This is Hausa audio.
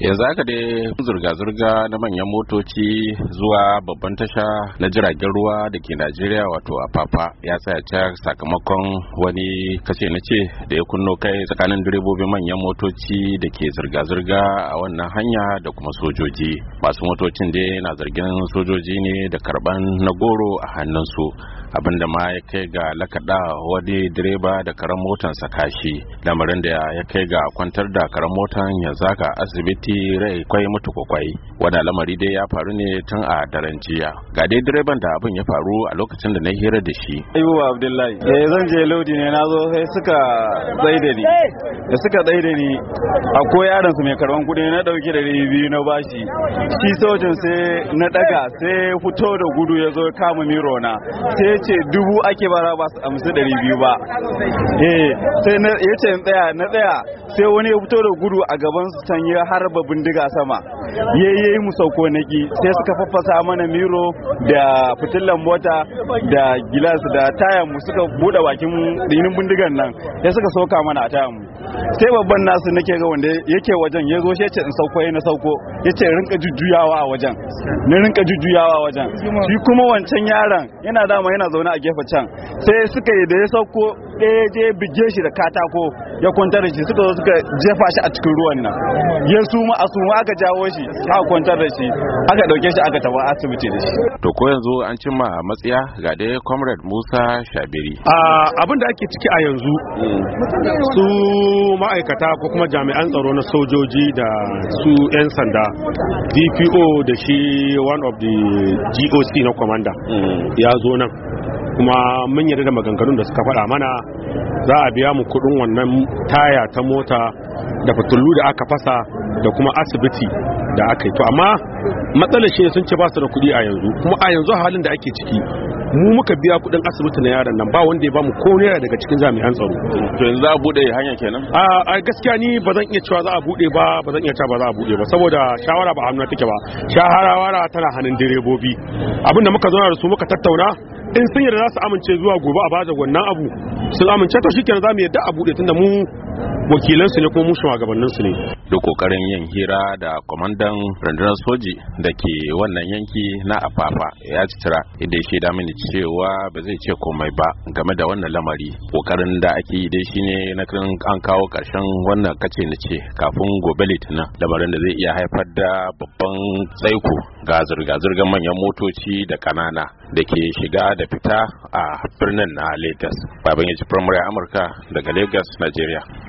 yanzu haka dai zurga-zurga na manyan motoci zuwa babban tasha na jiragen ruwa da ke najeriya wato a papa ya tsaya ta sakamakon wani kace na ce da ya kunno kai tsakanin direbobin manyan motoci da ke zurga-zurga a wannan hanya da kuma sojoji masu motocin dai na zargin sojoji ne da karban na goro a hannunsu abinda ma ya kai ga lakada, wani direba da karan motansa kashi lamarin da ya kai ga kwantar da karan motan ya zaga asibiti rai kwai mutu kwakwai wani lamari dai ya faru ne tun a daren jiya ga dai direban da abin ya faru a lokacin da na hira da shi ayuba abdullahi eh zan je lodi ne na zo sai suka tsaida ni da suka tsaida ni akwai yaron su mai karban kudi na dauke da biyu na bashi shi sojin sai na daga sai fito da gudu ya zo kama miro na sai ce dubu ake bara ba su amsa dari biyu ba eh sai ya ce tsaya na tsaya sai wani ya fito da gudu a gaban su can ya harba bindiga sama ya yi mu sauko naki sai suka faffasa mana miro da fitilan mota da gilas da tayan mu suka buɗe bakin dinin bindigan nan sai suka soka mana a tayan mu sai babban nasu nake ga wanda yake wajen ya zo ce in sauko na sauko ya ce rinka jujjuyawa a wajen ni rinka jujjuyawa a wajen shi kuma wancan yaron yana dama yana zaune a gefe can sai suka yi da ya sauko ɗaya je bige shi da katako ya kwantar da shi suka zo suka jefa shi a cikin ruwan nan ya suma a suma aka jawo shi aka kwantar da shi aka dauke shi aka tawa asibiti da shi to ko yanzu an cimma matsiya ga dai comrade Musa Shabiri abin da ake ciki a yanzu su ma'aikata ko kuma jami'an tsaro na sojoji da su 'yan sanda DPO da shi one of the GOC na commander ya zo nan kuma mun yarda da maganganun da suka faɗa mana za a biya mu kuɗin wannan taya ta mota da fitullu da aka fasa da kuma asibiti da aka yi to amma matsalar shi sun ce ba su da kuɗi a yanzu kuma a yanzu halin da ake ciki mu muka biya kuɗin asibiti na yaron nan ba wanda ya mu ko naira daga cikin jami'an tsaro to yanzu za a bude hanya kenan a gaskiya ni ba zan iya cewa za a bude ba ba zan iya cewa ba za a bude ba saboda shawara ba hannu take ba shawara tana hannun direbobi abinda muka zauna da su muka tattauna in sun yarda za su amince zuwa gobe a baje wannan abu sun amince to shikenan za mu yarda a bude tunda mu wakilansu ne kuma mu su ne da kokarin yin hira da kwamandan rundunar soji da ke wannan yanki na afafa ya citira inda ya shaida mini cewa ba zai ce komai ba game da wannan lamari kokarin da ake yi dai shine na kan an kawo karshen wannan kace na ce kafin gobe litinin lamarin da zai iya haifar da babban tsaiko ga zirga-zirgar manyan motoci da kanana da ke shiga da fita a birnin na lagos babban ya firamare amurka daga lagos nigeria